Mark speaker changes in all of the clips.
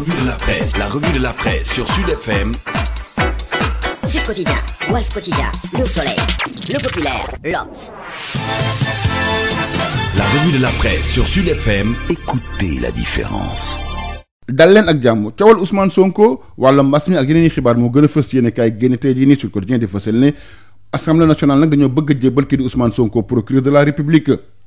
Speaker 1: revue de la presse, de la presse sur Sud FM. La revue de la écoutez la différence. dal leen ak jàmm coowal Ousmane Sonko wàlla mbas mi ak yeneen i xibaar moo gën a fës ci yéen kaay génn tey jii nii Sud Quotidien di fësal assemblée nationale nag dañoo bëgg a jébbal kii di Ousmane Sonko procureur de la république.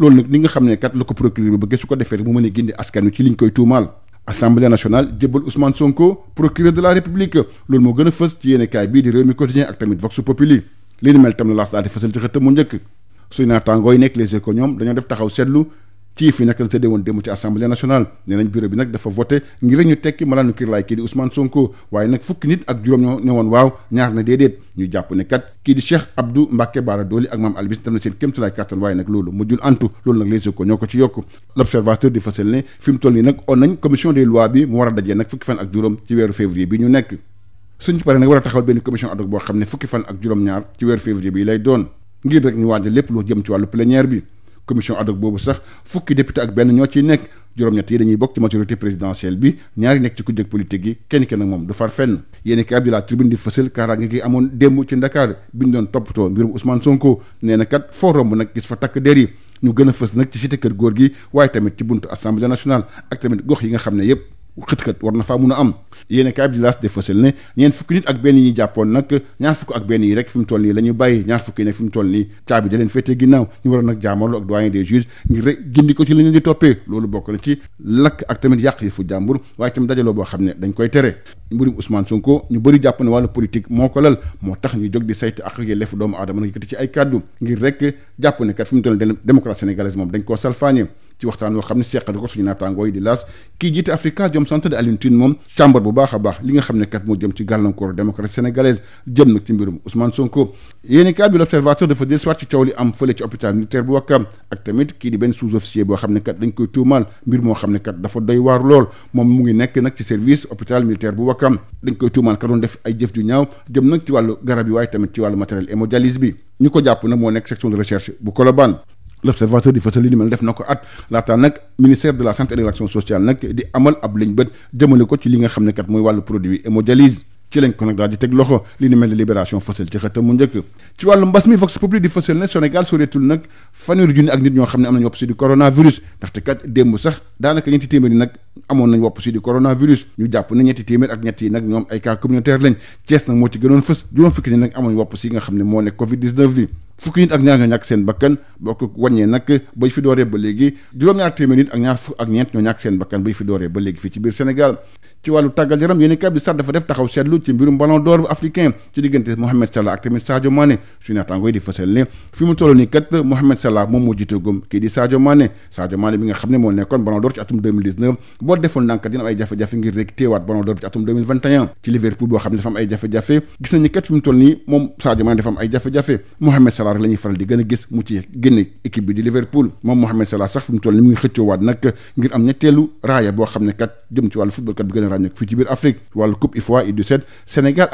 Speaker 1: loolu nag ni nga xam ne kat la ko procureur bi bëgg su ko defee rek mu mën a gindi askan wi ci liñ koy tuumaal assemblée nationale jébbal Ousmane Sonko procureur de la république loolu moo gën a fës ci yéenekaay bii di Rewmi Quotidien ak tamit Vox Populi li ni mel tam la laas daal fësal ci xëtt mu njëkk suy naataangooy nekk les économes dañoo def taxaw seetlu TIF yi nag la tëddee woon démb ci assemblée nationale nee nañ bureau bi nag dafa voté ngir rek ñu tekki malaanu kiirlaay kii di Ousmane Sonko waaye nag fukki nit ak juróom ñoo ne woon waaw ñaar na déedéet ñu jàpp ne kat kii di Cheikh Abdou Mbacke Bara Dolly ak maam Albis def na seen kéemtalaay kàttan waaye nag loolu mujjul antu loolu nag les échos ñoo ko ci yokk l'observateur di fasal ne fi toll nii nag on nañ commission des lois bi mu war a dajee nag fukki fan ak juróom ci weeru février bi ñu nekk suñ ci paree lépp lu ci wàllu plénière bi commission ad hoc boobu sax fukki député ak benn ñoo ciy nekk juróom-ñett yi dañuy bokk ci majorité présidentielle bi ñaari nekk ci kujje politique yi kenn kenn ak moom du far fenn yéeni kay Abdoulaye Tribune di fësal kaaraange gi amoon démb ci Ndakaar bi ñu doon toppatoo mbirum Ousmane Sonko nee na kat foo romb nag gis fa takk der yi ñu gën a fës nag ci cité kër góor gi waaye tamit ci buntu assemblée nationale ak tamit gox yi nga xam ne yépp xët-xët war na faa mun a am yéen kaay bi di laas defasal ne ñeent fukki nit ak benn yi jàppoon nag ñaar fukk ak benn yi rek fi mu toll nii la ñu bàyyi ñaar fukki ne fi mu toll nii caabi da leen féete ginnaaw ñu waroon a jaamarlu ak doyen ko ci la toppee loolu bokk na ak tamit yàq yi fu jàmbur waaye tamit dajaloo boo xam ne dañ koy tere mbirum Ousmane Sonko ñu bëri jàpp ne wàllu politique moo ko lal moo tax ñu jóg di saytu ak yelleefu doomu aadama nag ci ay kàddu ngir rek jàpp ne kat fi mu toll nii démocratie sénégalaise moom dañ koo salfaañe ci waxtaan woo xam ne seqal ko suñu naataangoo yi di laas kii jiite Afrikajom Center di Alioune Tine moom càmbar bu baax a baax li nga xam ne kat moo jëm ci gàllankoor démocratie sénégalaise jëm nag ci mbirum Ousmane Sonko yéeni kat bi l'observateur dafa dellusiwaat ci coow li am fële ci hôpital militaire bu Ouakam ak tamit kii di benn sous-officier boo xam ne kat dañ koy tuumaal mbir moo xam ne kat dafa doy waar lool moom mu ngi nekk nag ci service hôpital militaire bu Ouakam dañ koy tuumaal ka doon def ay jëf ju ñaaw jëm nag ci wàllu garab yi waaye tamit ci wàllu matériel hémodialyse ñu ko jàpp nag moo nekk section de recherche l'observateur di fësal li ni mel def na ko at laata nag ministère de la santé et de l'action sociale nag di amal ab liñ bët jëmale ko ci li nga xam ne kat mooy wàllu produit hémodialyse ci lañ ko nag daal di teg loxo li ni mel ni libération fësal ci xëta mu njëkk ci wàllu mbas mi vox populi di fësal ne Sénégal soreetul nag fanweeri junni ak nit ñoo xam ne am nañu wopp si di coronavirus ndaxte kat démb sax daanaka ñetti téeméer yi nag amoon ne ñetti téeméer fukki nit ak ñaar ñoo ñàkk seen bakkan boo ko wàññee nag bay fi dooree ba léegi juróom-ñaar téeméer nit ak ñaar fukk ak ñeent ñoo ñàkk seen bakkan bay fi dooree ba léegi fii ci biir Sénégal ci wàllu tàggal yaram yéeni kab di sax dafa def taxaw seetlu ci mbirum ballon d'or africain ci diggante Mohamed Salah ak tamit Sadio Mané suñu naataangooy di ne fi mu toll nii kat Mohamed ne moo nekkoon ballon d'or ci atum 2019 boo defoon ndànk dina am ay jafe-jafe ngir rek téewaat ballon d'or ci atum boo xam Salah rek la ñuy faral di gën a gis mu ci génne équipe bi di Liverpool moom Mohamed Salah sax fi mu toll ni mu ngi xëccoowaat nag ngir am ñetteelu raaya boo xam ne kat jëm ci wàllu football kat bi gën a ràññeeku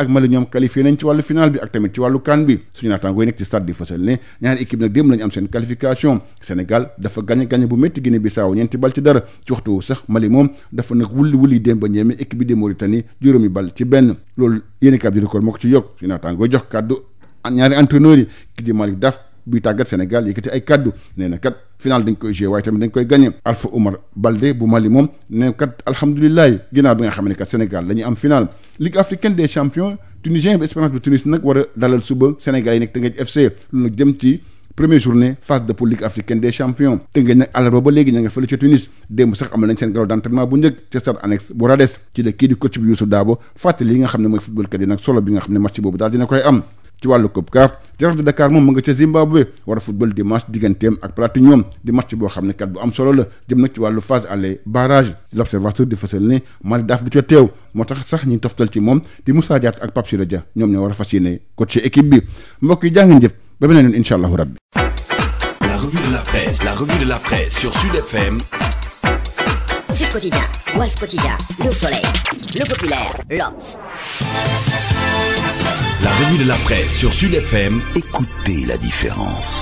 Speaker 1: u ñoom qualifié nañ ci wàllu final bi ak tamit ci wàllu CAN bi suñu naataangoo yi nekk ci stade di fësal ne ñaari équipe nag démb lañu am seen qualification Sénégal dafa gagné gagné bu métti Guinée Bissau ñeenti bal ci dara ci waxtu sax ñaari entraîneurs yi ki di Malick Daf buy tàggat Sénégal yëkkati ay kaddu nee na kat final dañ koy joué waaye tamit dañ koy gagné Alpha Oumar Baldé bu Mali moom nee kat alhamdulilah ginnaaw bi nga xam ne kat Sénégal la am final. Ligue africaine des champions tunisien bi Espérance bu Tunis nag war a dalal suba Sénégal yi nekk Teungueth FC lu nag jëm ci. première journée phase de poule Ligue africaine des champions Teungueth nag àllarba ba léegi ña nga fële ca Tunis démb sax solo bi nga xam ne match boobu daal dina koy am ci wàllu Coupe CAF Jaraaf de Dakar moom mu nga ca Zimbabwe war a football dimanche digganteem ak Platinium di match boo xam ne kat bu am solo la jëm nag ci wàllu phase aller barrage l'Observateur di fësal ne Mali daaf du ca teew moo tax sax ñu toftal ci moom di Moussa Diatta ak Pape Siré Dia ñoom ñoo war a fas yéene coach équipe bi mbokk yi jaa ngeen jëf ba beneen yoon incha allahu rabbi. la revue de la presse la la presse La revue de la presse sur Sud FM. Écoutez la différence.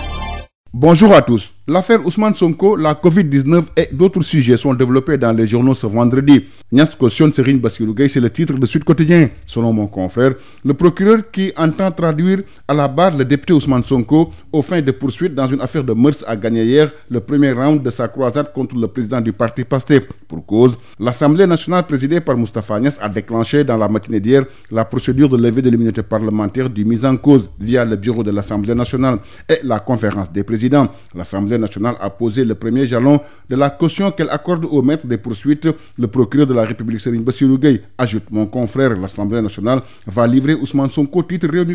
Speaker 1: Bonjour à tous. L'affaire Ousmane Sonko, la Covid-19 et d'autres sujets sont développés dans les journaux ce vendredi. Niass cautionne Serigne Bassirou Gueye, c'est le titre de Sud Quotidien. Selon mon confrère, le procureur qui entend traduire à la barre le député Ousmane Sonko aux fins de poursuites dans une affaire de mœurs a gagné hier le premier round de sa croisade contre le président du parti PASTEF. Pour cause, l'Assemblée nationale présidée par Moustapha Niass a déclenché dans la matinée d'hier la procédure de levée de l'Assemblée a le premier jalon de la caution qu'elle accorde au maître des poursuites, le procureur de la République Serigne Bassirou Gueye. Ajoute mon confrère, l'Assemblée nationale va livrer Ousmane Sonko, titre Rewmi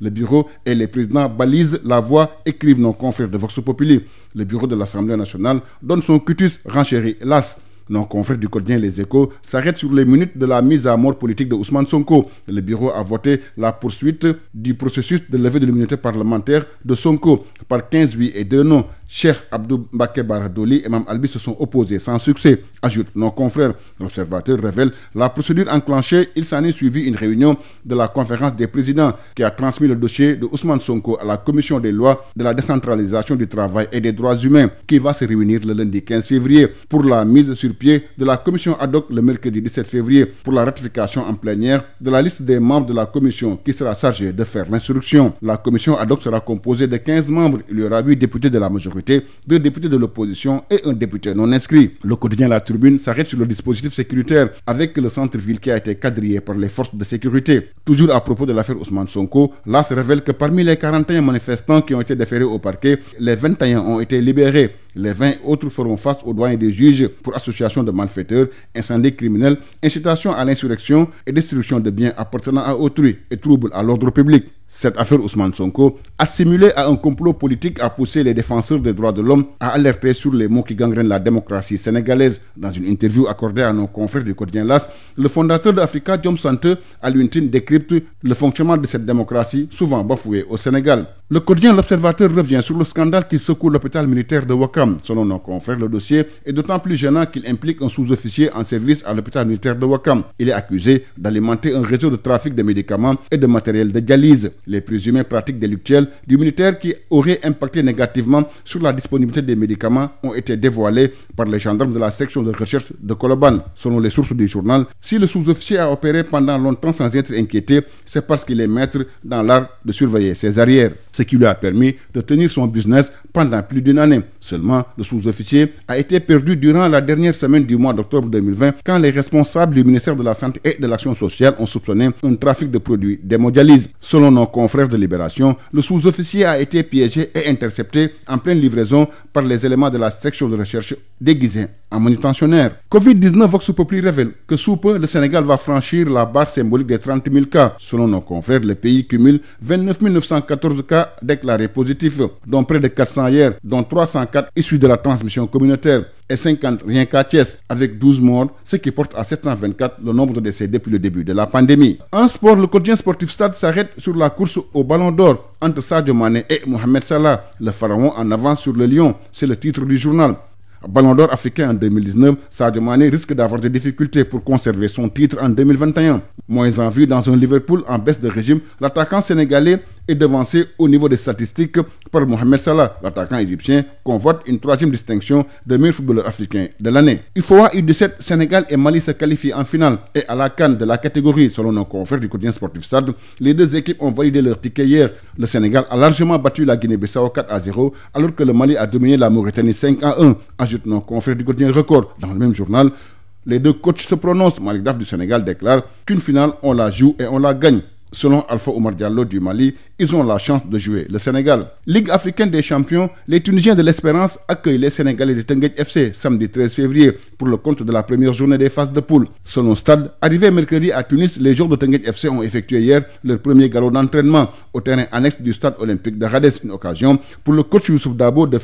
Speaker 1: Le bureau et les présidents balisent la voie, écrivent nos confrères de Vox Populi. Le bureau de l'Assemblée nationale donne son cutus, renchérit l'As. Nos confrères du quotidien Les Échos s'arrêtent sur les minutes de la mise à mort politique de Ousmane Sonko. Le bureau a voté la poursuite du processus de levée de l'immunité parlementaire de Sonko par 15 et 2 non. Cheikh Abdou Mbaké Baradoli et Mme Albi se sont opposés sans succès, ajoute nos confrères. L'observateur révèle la procédure enclenchée. Il s'en est suivi une réunion de la conférence des présidents qui a transmis le dossier de Ousmane Sonko à la commission des lois de la décentralisation du travail et des droits humains qui va se réunir le lundi février pour la mise sur pied de la commission ad hoc le mercredi février pour la ratification en plénière recruter deux députés de l'opposition et un député non inscrit. Le quotidien La Tribune s'arrête sur le dispositif sécuritaire avec le centre-ville qui a été quadrillé par les forces de sécurité. Toujours à propos de l'affaire Ousmane Sonko, là se révèle que parmi les 41 manifestants qui ont été déférés au parquet, les 21 ont été libérés. Les 20 autres feront face aux doyens des juges pour association de malfaiteurs, incendie criminel, Cette affaire Ousmane Sonko, assimilée à un complot politique, a poussé les défenseurs des droits de l'homme à alerter sur les mots qui gangrènent la démocratie sénégalaise. Dans une interview accordée à nos confrères du quotidien LAS, le fondateur d'Africa, Diom Santé, à l'UNTIN, décrypte le fonctionnement de cette démocratie souvent bafouée au Sénégal. Le quotidien L'Observateur revient sur le scandale qui secoue l'hôpital militaire de Ouakam. Selon nos confrères, le dossier est d'autant plus gênant qu'il implique un sous-officier en service à l'hôpital militaire de Ouakam. Il est accusé d'alimenter un réseau de trafic de médicaments et de matériel de dialyse. Les présumées pratiques délictuelles du militaire qui auraient impacté négativement sur la disponibilité des médicaments ont été dévoilées par les ce qui lui a permis de tenir son business pendant plus d'une année. Seulement, le sous-officier a été perdu durant la dernière semaine du mois d'octobre quand les responsables du ministère de la Santé et de l'Action sociale ont soupçonné un trafic de produits d'hémodialyse. Selon nos confrères de Libération, le sous-officier a été piégé et intercepté en pleine livraison par les éléments de la section de recherche déguisés en manutentionnaire. covid Vox Populi révèle que sous le Sénégal va franchir la barre symbolique des 30 54 de la transmission communautaire et ce qui porte à le nombre de décès depuis le début de la pandémie. En sport, le quotidien sportif Stade s'arrête sur la course au Ballon d'Or entre Sadio Mané et Mohamed Salah, le pharaon en avance sur le lion, c'est le titre du journal. Ballon d'Or africain en Sadio Mané risque d'avoir des difficultés pour conserver son titre en Moins en vue dans un Liverpool en baisse de régime, l'attaquant sénégalais est devancé au niveau des statistiques par Mohamed Salah. L'attaquant égyptien convoite une troisième distinction de meilleur footballeur africain de l'année. UFOA U17, Sénégal et Mali se qualifient en finale et à la canne de la catégorie, selon nos confrères du quotidien sportif Stade, les deux équipes ont validé leur ticket hier. Le Sénégal a largement battu la Guinée-Bissau à 0, alors que le Mali a dominé la Mauritanie 5 à 1, ajoute nos confrères Selon Alpha Oumar Diallo du Mali, ils ont la chance de jouer le Sénégal. Ligue africaine des champions, les Tunisiens de l'Espérance accueillent les Sénégalais de Teungueth FC samedi 13 février pour le compte de la première journée des phases de poule. Selon Stade, arrivés mercredi à Tunis, les joueurs de Teungueth FC ont effectué hier leur premier galop d'entraînement au terrain annexe du stade olympique d'Agadez, une occasion pour le coach Youssouf Dabo de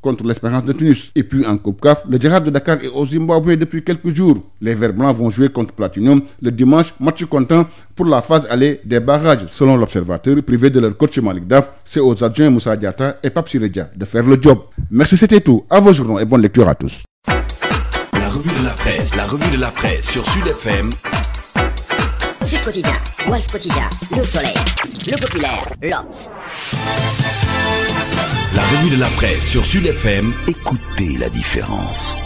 Speaker 1: contre l'Espérance de Tunis. Et puis en Coupe CAF, le Gérard de Dakar est au Zimbabwe depuis quelques jours. Les Verts Blancs vont jouer contre Platinum le dimanche, match comptant pour la phase aller des barrages. Selon l'observateur privé de leur coach Malik c'est aux adjoints Moussa Diatta et Pape de faire le job. Merci, c'était tout. À vos journaux et bonne lecture à tous. La revue de la presse sur Sud FM. Écoutez la différence.